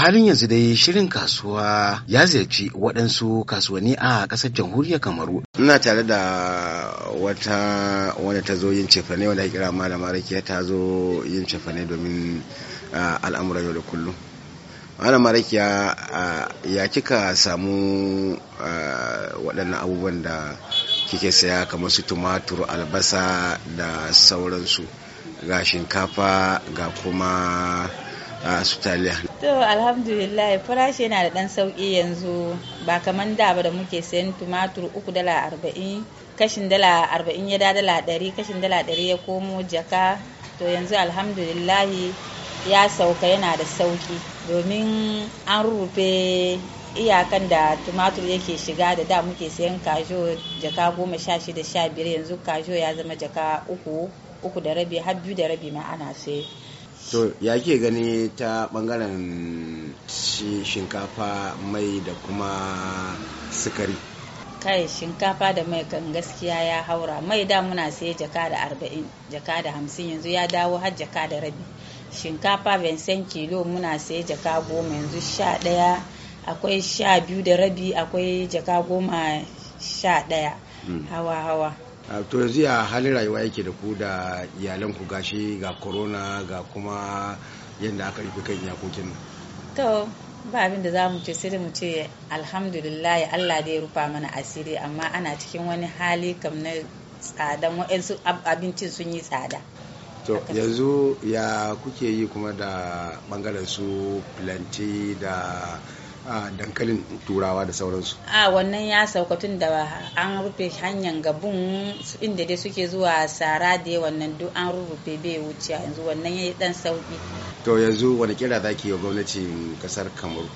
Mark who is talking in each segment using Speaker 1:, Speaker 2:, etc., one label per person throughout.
Speaker 1: halin yanzu dai shirin kasuwa ya ziyarci waɗansu kasuwanni a ƙasar jamhuriyar kamaru ina tare da wata wanda ta zo yin cefane wanda ake kira malama rakiya ta zo yin cefane domin al'amuran yau da kullum malama rakiya ya kika samu waɗannan abubuwan da kike saya kamar su tumatur albasa da sauransu ga shinkafa ga kuma su taliya
Speaker 2: To alhamdulillah farashi yana da ɗan sauƙi yanzu ba kamar da ba da muke sayan tumatur uku dala arba'in kashin dala arba'in ya da dala ɗari kashin dala ɗari ya komo jaka to yanzu alhamdulillah ya sauka yana da sauƙi domin an rufe iyakan da tumatur yake shiga da da muke sayan kajo jaka goma sha shida sha biyar yanzu kajo ya zama jaka uku uku da rabi har biyu da rabi ma ana saye.
Speaker 1: to ya ke gani ta bangaren shinkafa mai da kuma sukari
Speaker 2: kai shinkafa da mai kan gaskiya ya haura mai da muna sai jaka da arba'in jaka da hamsin yanzu ya dawo har jaka da rabi shinkafa san kilo muna sai jaka goma yanzu sha daya akwai sha biyu da rabi akwai jaka goma sha daya hawa hawa
Speaker 1: to yanzu ya halin rayuwa yake da ku da iyalan ku gashi ga corona ga kuma yadda aka rufe kan iyakokin nan
Speaker 2: to ba abin da za mu ce sai mu ce alhamdulillah Allah da ya rufa mana asiri amma ana cikin wani hali kam na tsadan waɗansu abincin sun yi tsada
Speaker 1: to yanzu ya kuke yi kuma da bangaren su planti da dankalin turawa da sauransu
Speaker 2: a wannan ya sauka tun da an rufe hanyar gabun inda dai suke zuwa sara da wannan duk an rufe bai wuce yanzu wannan ya yi dan sauki
Speaker 1: to yanzu wani kira za ki yi gwamnatin kasar kamaru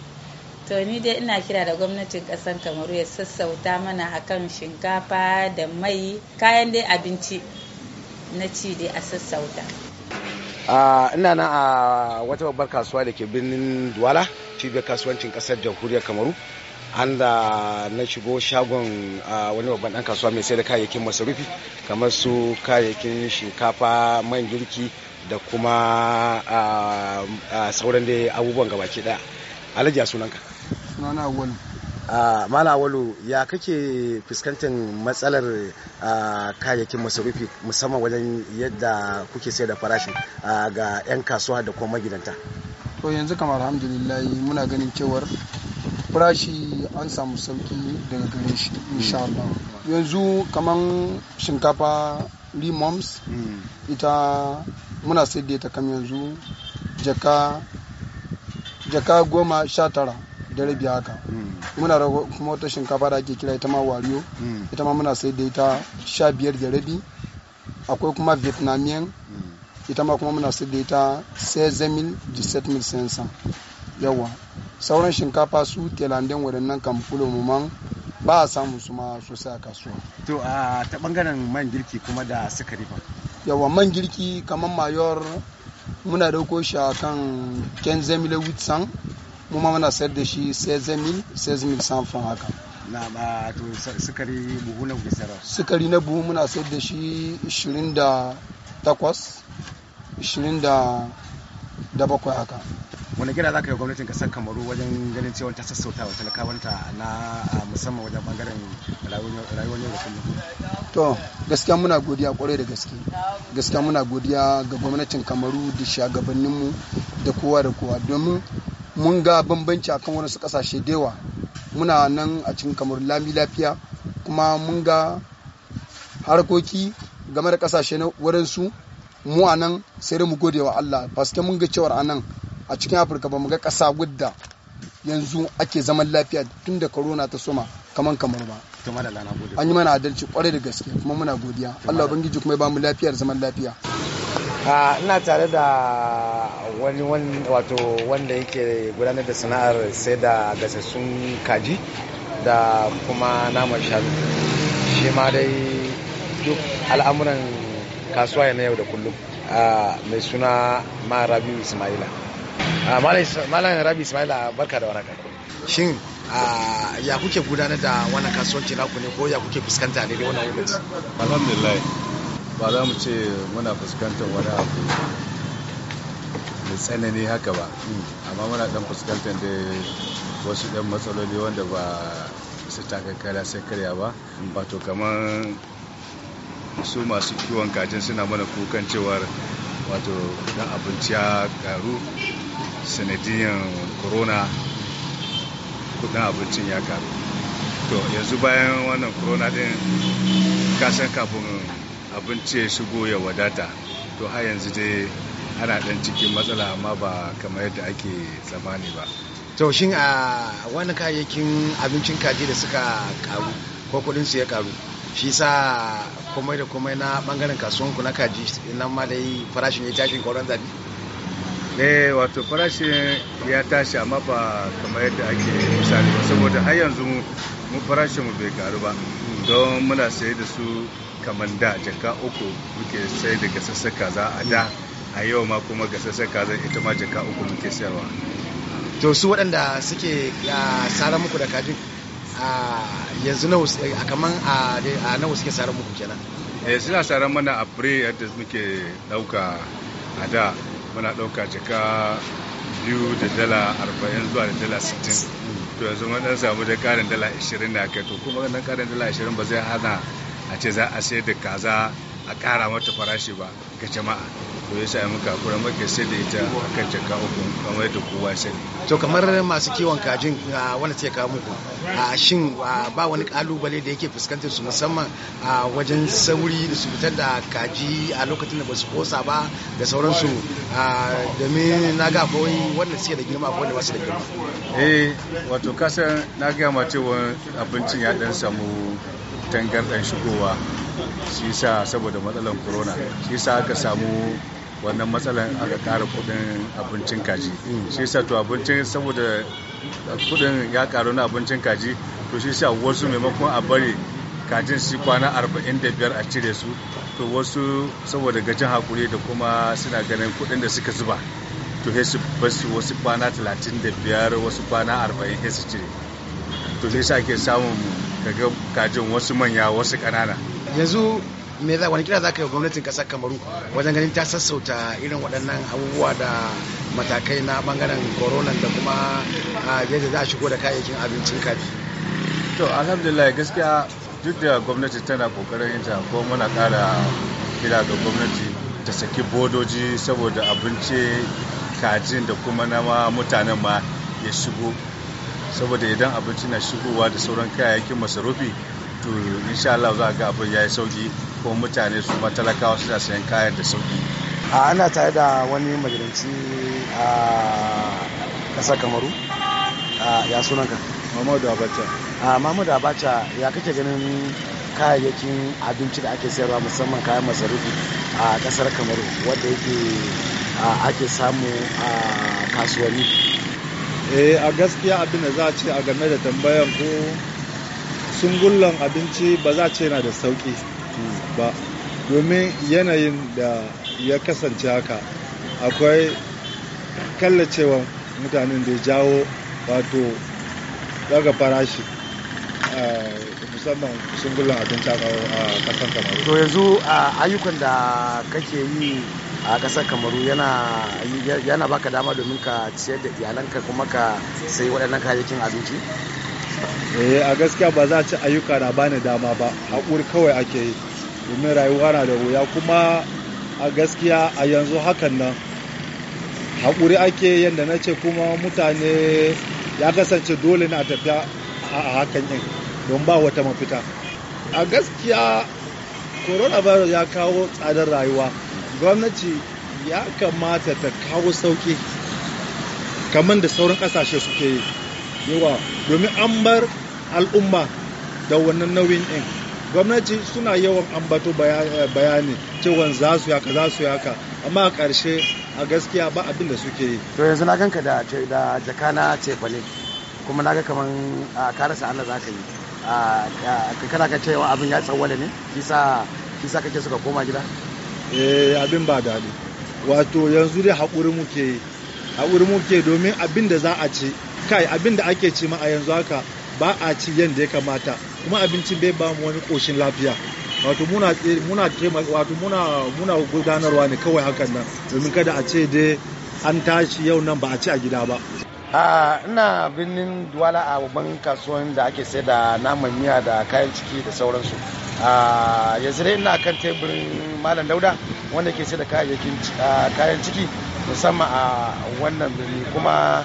Speaker 2: to ni dai ina kira da gwamnatin kasar kamaru ya sassauta mana akan shinkafa da mai kayan dai abinci na ci dai a sassauta
Speaker 1: ina nan a wata babbar kasuwa da ke birnin duwala cibiyar kasuwancin kasar jamhuriyar kamaru an da na shigo shagon wani babban dan kasuwa mai sai da kayayyakin masarufi kamar su kayayyakin shinkafa man girki da kuma sauran da abubuwan gabaki daya alhaji a sunanka mala walu ya kake fuskantar matsalar kayayyakin masarufi musamman wajen yadda kuke sai da farashi ga 'yan kasuwa da kuma magidanta
Speaker 3: to yanzu kamar alhamdulillah muna ganin cewar farashi an samu sauki daga gare shi insha mm. Allah yanzu kamar shinkafa limoms mm. ita muna sai ta kam yanzu jaka jaka goma sha tara da rabi haka mm. muna rago kuma wata shinkafa da ake kira ita ma wariyo ita ma muna sai da ita sha biyar da rabi akwai kuma vietnamian ita ma kuma muna sayar da ita 16,000 yawa sauran shinkafa su telandin waɗannan kamfulo man ba a samu su ma sosai a kasuwa to a ta bangaren man girki kuma da sukari ba yawa man girki kamar mayor muna dauko shi a kan 15,000 mu ma muna sayar da shi 16,000 francs haka na ba to sukari buhu na gusarar sukari na buhu muna sayar da shi 28 27 haka wani gina za ka yi gwamnatin kasar
Speaker 1: kamaru wajen ganin cewa ta sassauta wa talakawanta na musamman wajen bangaren
Speaker 3: rayuwar yau da kullum to gaskiya muna godiya kwarai da gaske gaskiya muna godiya ga gwamnatin kamaru da shagabanninmu da kowa da kowa domin mun ga bambanci akan wani su kasashe dewa muna nan a cikin kamaru lami lafiya kuma mun ga harkoki game da kasashe na waɗansu mu a nan sai mu gode wa Allah paske mun ga cewar anan a cikin Afirka ba mu ga ƙasa gudda yanzu ake zaman lafiya tun da corona ta soma kaman kamar ba an yi mana adalci kwarai da gaske kuma muna godiya Allah ubangiji kuma ya ba mu lafiyar zaman lafiya
Speaker 1: ina tare da wani wato wanda yake gudanar da sana'ar sai da gasassun kaji da kuma naman shanu shi ma dai duk al'amuran kasuwa na yau da kullum mai suna ma rabiu ismaila malayin rabi ismaila barka da waraka shin ya kuke gudanar da wannan kasuwanci naku ne ko ya kuke fuskanta ne da wannan lokaci
Speaker 4: alhamdulillah ba za mu ce muna fuskantar wani abu mai tsanani haka ba amma muna dan fuskantar da wasu dan matsaloli wanda ba su taka kara sai karya ba wato kamar su masu kiwon kajin suna mana kukan cewar wato dan abinci ya karu sanadiyan corona kudin abincin ya karu to yanzu bayan wannan corona din kasan kafin abinci ya shigo ya wadata to har yanzu dai ana dan cikin matsala amma ba kamar yadda ake tsammani ba
Speaker 1: to shin a ah, wani kayayyakin abincin kaji da suka karu ko kudin su ya karu shi sa komai da komai na bangaren kasuwanku na kaji nan ma da
Speaker 4: yi farashin ya tashi kwaron zabi eh wato farashin ya tashi amma ba kamar yadda ake misali ba saboda har yanzu mu farashin mu bai karu ba don muna sayar da su kamar da jaka uku muke sayar da gasassar kaza a da a yau ma kuma gasassar kaza ita ma jaka uku muke sayarwa to
Speaker 1: su waɗanda suke sara muku da kajin yanzu a kaman a nawa suke sarar muku kenan
Speaker 4: eh suna sarar mana a fure yadda muke dauka a da muna dauka jaka biyu da dala arba'in zuwa da dala sittin to yanzu mun dan samu da karin dala ashirin na kai to kuma dan karin dala ashirin ba zai hana a ce za a sayar da kaza a kara mata farashi ba ga jama'a to ya sami kakura muka sai da ita a kan jaka uku kamar yadda kowa sani
Speaker 1: to kamar masu kiwon kajin wanda take kawo muku a shin ba wani kalubale da yake fuskantar su musamman a wajen sauri da su fitar da kaji a lokacin da ba su kosa ba da sauransu domin na ga akwai wanda suke da girma akwai wanda ba da girma
Speaker 4: eh wato kasar na gaya ma cewa abincin ya dan samu dan shigowa shi sa saboda matsalar corona shi sa aka samu wannan matsalar aka kara kudin abincin kaji shi yasa to abincin saboda kudin ya karu na abincin kaji to shi yasa wasu maimakon a bari kajin su kwana 45 a cire su to wasu saboda gajin hakuri da kuma suna ganin kudin da suka zuba to sai su basu wasu kwana 35 wasu kwana 40 sai su cire to sai sa ke samun kaga kajin wasu manya wasu ƙanana
Speaker 1: yanzu me za wani kira za ka yi gwamnatin kasar kamaru wajen ganin ta sassauta irin waɗannan abubuwa da matakai na bangaren koronan da kuma
Speaker 4: yadda za a shigo da kayayyakin abincin kafi to alhamdulillah gaskiya duk da gwamnati tana kokarin yin ta ko muna kara kira ga gwamnati ta saki bodoji saboda abinci kajin da kuma nama mutanen ma ya shigo saboda idan abinci na shigowa da sauran kayayyakin masarufi to insha Allah za ga abin yayi sauki ko mutane su ba talakawa suna sayan kayan da sauki
Speaker 1: a ana tare da wani majalanci a ƙasar kamaru ya sunanka mamadu Abacha a mamadu Abacha ya kake ganin kayayyakin abinci da ake sayarwa musamman kayan masarufi a ƙasar kamaru
Speaker 5: wanda yake ake samu a kasuwanni eh a gaskiya abin da za a ce a game da tambayan ko sungullan abinci ba za ce yana da sauƙi ba domin yanayin da ya kasance haka akwai kallacewa mutanen da ya jawo wato daga farashi musamman sungullan abinci a kasan kamaru to yanzu
Speaker 1: ayyukan da kake yi a kasar kamaru yana baka dama domin ka ciyar da iyalanka kuma ka sayi waɗannan kayayyakin abinci
Speaker 5: eh a gaskiya ba za a ci ayyuka na bani dama ba haƙuri kawai ake yi domin rayuwa na da wuya kuma a gaskiya a yanzu hakan nan haƙuri ake yadda na ce kuma mutane ya kasance dole na tafiya a hakan yin don ba wata mafita a gaskiya coronavirus ya kawo tsadar rayuwa gwamnati ya kamata ta kawo sauki kamar da sauran ƙasashe suke yi yawa domin an bar al'umma da wannan nauyin ɗin, gwamnati suna yawan ambato eh, bayani cewa za su yaka za su yaka amma a ƙarshe a gaskiya ba abin da suke yi
Speaker 1: to yanzu na ganka da da jaka na cefane kuma na ga kaman a karasa Allah za ka yi a kana ka cewa abin ya tsawwala ne kisa kisa kake suka koma gida
Speaker 5: eh abin ba daɗi wato yanzu dai haƙuri muke haƙuri muke domin abin da za a ci kai abin da ake ci ma a yanzu haka ba a ci yadda ya kamata kuma abincin bai ba mu wani koshin lafiya wato muna muna wato muna muna gudanarwa ne kawai hakan nan domin kada a ce dai an tashi yau nan ba a ci a gida ba
Speaker 1: a ina birnin duwala a babban kasuwan da ake sai da naman miya da kayan ciki da sauransu a yanzu dai ina kan teburin malam dauda wanda ke sai da kayan ciki musamman a wannan birni kuma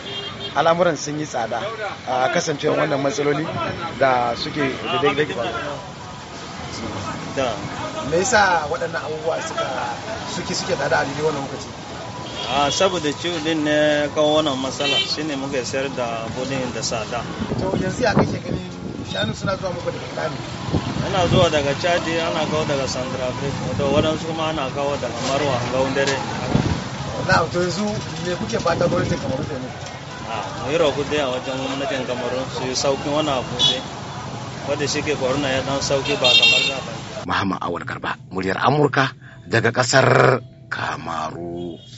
Speaker 1: al'amuran sun yi tsada a kasancewar wannan matsaloli da suke da daidai ba me yasa waɗannan abubuwa suka suke suke tsada a
Speaker 3: daidai wannan lokaci a saboda ciwon ne kawo wannan matsala shi ne muka sayar da bodin da tsada to yanzu ya kake gani shanu
Speaker 1: suna zuwa muku daga kani
Speaker 3: ana zuwa daga chadi ana kawo daga sandra africa da waɗansu kuma ana kawo daga marwa gaundare
Speaker 1: na to yanzu me kuke fata gwamnati kamar da ne
Speaker 3: a mai roƙo a wajen gwamnatin kamarun su yi sauƙin wani abu dai wadda shi ke korona ya dan sauƙi ba kamar za ba.
Speaker 5: Muhammad Awal Garba, muryar Amurka daga ƙasar Kamaru.